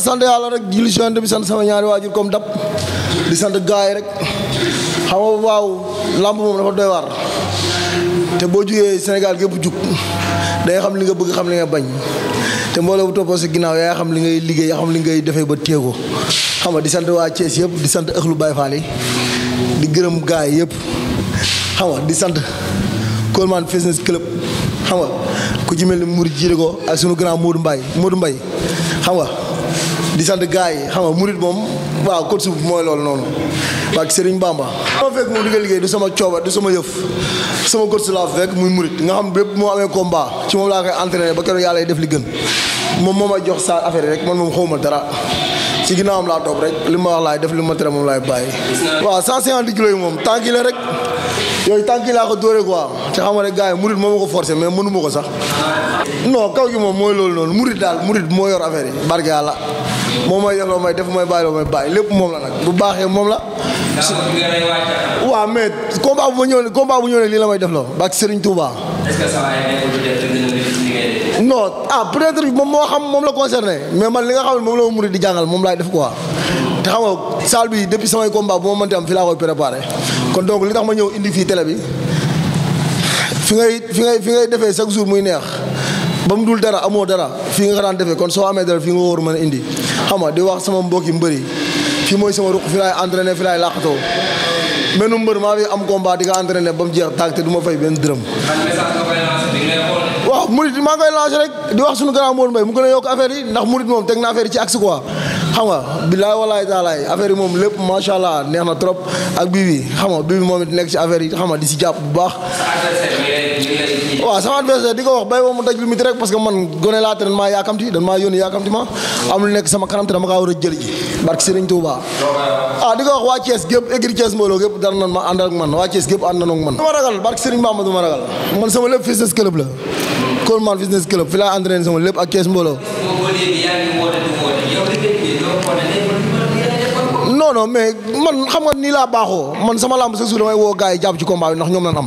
sant yàlla rek julli ci Yonent bi sant sama ñaari waajur comme dab di sant gaay rek xam nga waaw làmb moom dafa doy waar te boo jugee Sénégal gépp jug day xam li nga bëgg xam li nga bañ te mbooloo bu toppoo sa ginnaaw yaa xam li ngay liggéey yaa xam li ngay defee ba téego xam nga di sant waa Thiès yëpp di sant ëxlu Baye Fall yi di gërëm gaay yëpp xam nga di sant Coleman Fitness Club xam nga ku ci mel ni Mouride jiite ko ak sunu grand Modou Mbaye Modou Mbaye xam nga di sant gars yi xam nga murit moom waaw coach bi mooy loolu noonu waa Serigne Bamba. ma fekk moom di nga liggéey du sama cooba du sama yëf sama coach laa fekk muy murit nga xam bépp moo amee combat ci moom laa koy entraîné ba def li gën moom moo may jox sa affaire rek man moom xawma dara. ci ginnaawam laa topp li ma wax laay def li ma moom laay bàyyi. waaw 150 kilos yi moom tànk yi la rek yooyu laa ko dóoree quoi te xam yi murit moo ma ko forcé mais mënu ma ko sax. non gi moom mooy loolu noonu murit daal murit moo yor affaire yi barke yàlla. moom mooy def loo may def mooy bàyyi loo lépp moom la nag bu baaxee moom la. waaw mais combat bu ma ñëw ne combat bu ñëw lii la may def loo bak Serigne Touba. est-ce que sa moo xam moom la concerné mais man li nga xam ne moom la mu murid di jàngal moom laay def quoi. te xam nga salle bi depuis samay combat bu ma mënti am fi laa koy préparé. kon donc li tax ma ñëw indi fii télé bi fi ngay fi ngay fi ngay defee chaque jour muy neex. ba mu dul dara amoo dara fii nga daan defee kon soo amee dara fii nga wóor mën a indi xam nga di wax sama mbokki mbëri fi mooy sama ruq fi laay entraîné fi laay làqatoo menu mbër maa fi am combat di nga entraîné ba mu jeex tàgg te du ma fay benn dërëm waaw murit maa ngi koy lancé rek di wax suñu grand Mbour Mbaye mu gën a yokk affaire yi ndax murit moom teg na affaire yi ci axe xam nga bilaay walaay taalaay affaire moom lépp macha allah neex na trop ak bii bi xam nga bii bi moom nekk ci affaire yi xam nga di si jàpp bu baax. waaw sama adversaire di ko wax bay boo daj lu mit rek parce que man gone laa te dañ maa yaakamti dañ maa yónni yaakamti ma am lu nekk sama kanam te dama kaa war a jël ji barke Serigne Touba ah di ko wax waa Thiès gépp égri Thiès mbooloo gépp dara nan ma ànd man waa Thiès gépp ànd nañu ak man dama ragal barke Serigne Bamba dama ragal man sama lépp fitness club non mais man xam nga nii laa baaxoo man sama lamb sa woo gars yi jàpp ci combat bi ndax ñoom lañ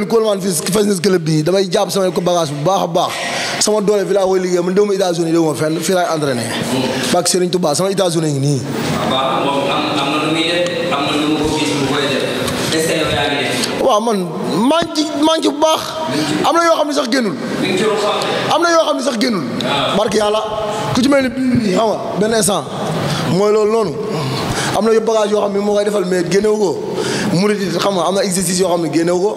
ni Coleman fii damay jàpp sama ko bagage bu baax a baax sama doole fi laa koy liggéey man déwuma États-Unis déwuma fenn fii laay entraîné. bak Serigne Touba sama États-Unis ngi nii. waaw moom am na bu baax. am na yoo xam ne sax génnul. am na yoo xam ne sax génnul. barke yàlla ku ci mel ni xam mooy loolu noonu. am na yu bagage yoo xam ne moo koy defal mais génnewu ko murid yi xam nga am na exercice yoo xam ne génnewu ko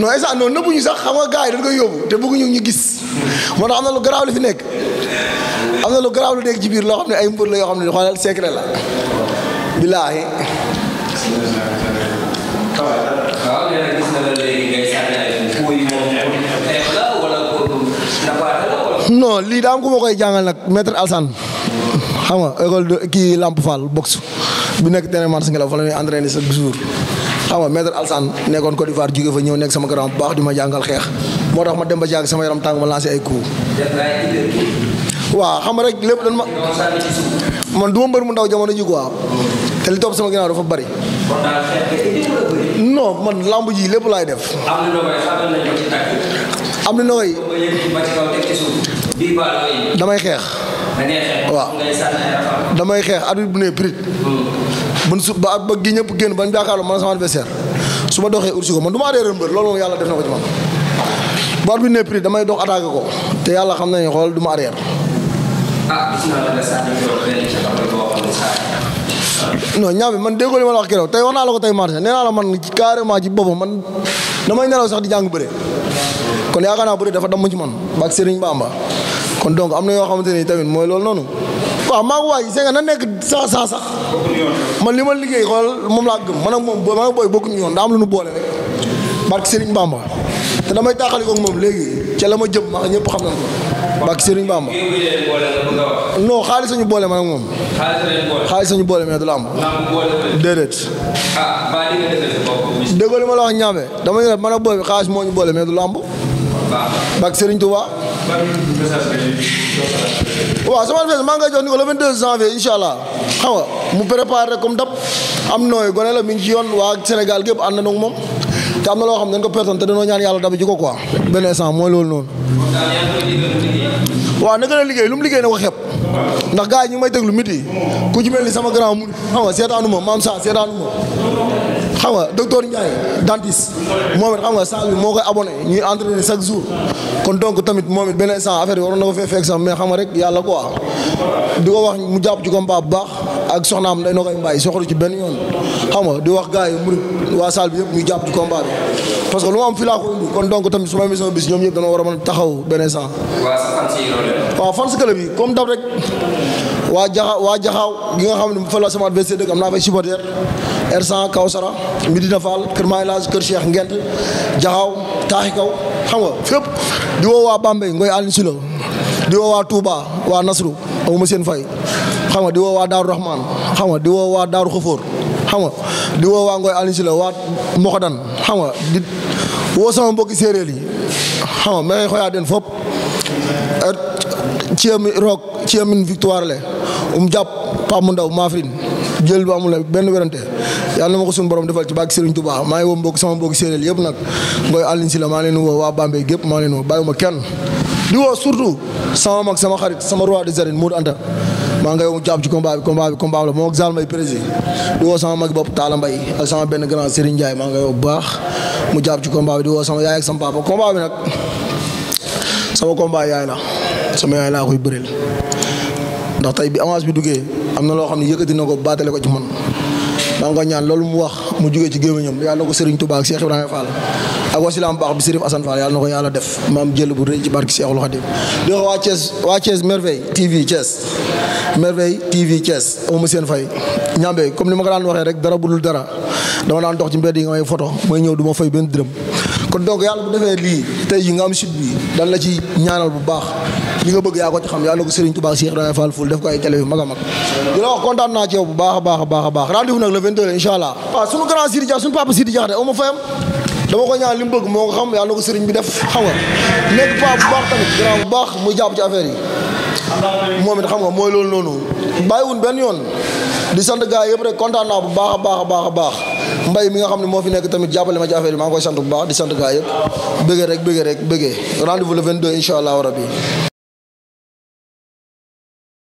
non instant noonu nëbbuñu xam nga gars yi dañ koy te bëgguñu ñu gis moo am na lu garaaw la fi nekk am na lu garaaw lu nekk ci biir loo xam ne ay mbër la yoo xam ne xoolal secret la billaahi non lii daa am ku ma koy jàngal nag maître Alsane xam nga école de kii lamp fall box bi nekk terrain mars ngelaw fa la ñuy entraîner sa jour xam nga maître alsan nekkoon Côte d'Ivoire jóge fa ñëw nekk sama grand bu baax di ma jàngal xeex moo tax ma dem ba jàng sama yaram tàng ma lancé ay coup waaw xam rek lépp lan ma man duma mbeur mu ndaw jamono ji quoi te li topp sama ginaaw dafa bari non man lamb ji lépp lay def am na nooy damay xeex Ya, damay xex arbitre bu ne prit ban hmm. su ba ba gi ñep génn ban jàkkaarloo man sama adversaire su ma doxee ursi ko man duma ma réeral loolu yalla def na ko ci man bu arbitre ne prit damay dox attaqué ko té yalla xam nañu xol duma arrière no ñaabi man déggoo li ma wax kéro tay wax na la ko tay marché né la man carrément ci bobu man damay nelaw sax di jang bëre kon yaakaar naa bëri dafa damm ci man baag Serigne Bamba kon donc am na yoo xamante ne tamit mooy loolu noonu waaw maa waaj seen na nekk sax sax sax man li ma liggéey xool moom laa gëm man ak moom man booy bokkuñu yoon daa lu nu boole rek barke Serigne Bamba te damay taaxali ko moom léegi ca la ma jëm ñëpp xam nañ ko barke Serigne Bamba non xaalis boole man ak moom xaalis sañu boole mais du la am déedéet ah, déggoo li ma la wax ñaame dama ne man ak booy bi moo ñu boole mais du bak Serigne Touba. waaw sama adresse maa ngi koy jox ni ko le 22 janvier incha allah xam nga mu préparé comme dab am nooy gone la mi ngi ci yoon waa Sénégal gépp ànd nañu moom te am na loo xam dañ ko personne te dañoo ñaan yàlla dabi ji ko quoi benn instant mooy loolu noonu. waaw naka la liggéey lu mu liggéey na ko xeeb ndax gars yi ñu may déglu midi ku ci mel ni sama grand mu xam nga seetaanu ma maam saa seetaanu ma. xam nga docteur Ndiaye dentiste moom it xam nga saa bi moo koy abonné ñuy entraîné chaque jour kon donc tamit moom it beneen saa affaire bi waroon na ko fee fekk sax mais xam nga rek yàlla quoi di ko wax mu jàpp ci combat bu baax ak soxnaam day noo koy mbaay soxla ci benn yoon xam nga di wax gars yi murit waa salle yëpp ñu jàpp ci parce que lu ma am fii laa ko indi kon donc tamit suma mission war a taxaw beneen saa. waaw fan si club comme dab rek waa jaxa waa jaxaaw gi xam ne fa la sama adversaire dëgg am naa fay supporter Ersan Kawsara Medina Fall Kër Maïlage Kër Cheikh Ngent Jaxaw Taaxi Kaw xam nga fépp di woo waa Bambey Ngoy Aline Sila di woo waa Touba waa Nasru amuma seen fay xam di woo waa Daaru Rahman xam nga di woo waa Daaru Xafoor xam di woo waa Ngoy Aline Sila waa Moxodan xam woo sama mbokki séeréer yi xam nga maxey xoyaa den fop ciyami er, roog ciyamin victoire le um jàpp Pape Ndaw Mafrine jël bu amul benn werante yàlla na ma ko suñu borom defal ci bàkk Serigne Touba maa ngi woo mbokk sama mbokk séeréer yëpp nag ngoy Alioune Sylla maa leen maa leen woo bàyyiwuma kenn sama mag sama xarit sama roi des arènes Modou maa ngay woo jàpp ci combat bi combat bi combat la moom ak benn grand Serigne Ndiaye maa ngay woo bu baax mu jàpp ci combat bi di woo sama yaay ak sama bi nag sama combat yaay la sama yaay laa koy bëreel ndax tey bi avance bi duggee am na loo xam ne yëkkati na ko baatale ko ci man maa ngi ñaan loolu mu wax mu jugee ci gémmiñam yàlla na ko Serigne Touba ak Cheikh Ibrahima Fall bi Serif Assane ko yàlla def maam jël bu rëy ci barke Cheikhul Khadim di wax waa Thiès waa Thiès TV Thiès Merveille TV Thiès amu ma seen fay ñambe comme ni ma ka daan waxee rek dara budul dara dama daan dox ci mbedd yi nga may photo may ñëw du ma fay benn dërëm kon donc yàlla bu defee lii tey ji nga am bi dan la ci ñaanal bu baax li nga bëgg yaa ko ci xam yàlla ko Serigne Touba Cheikh Ibrahima Fall ful def ko ay télé yu mag a mag di la wax kontaan naa ci yow bu baax a a a baax rendez-vous nag le 22 incha ah, li mu moo ko xam yàlla ko Serigne bi def xam nga nekk paa bu ci affaire yi moom it xam nga mooy loolu noonu bàyyiwun benn yoon di sant gars yëpp rek kontaan naa bu baax a baax a baax a mi nga xam ne moo fi nekk tamit jàppale ma ci affaire yi maa koy sant bu baax di sant gars yëpp bëggee rek bëggee rek bëggee rendez-vous le 22 incha allah rabi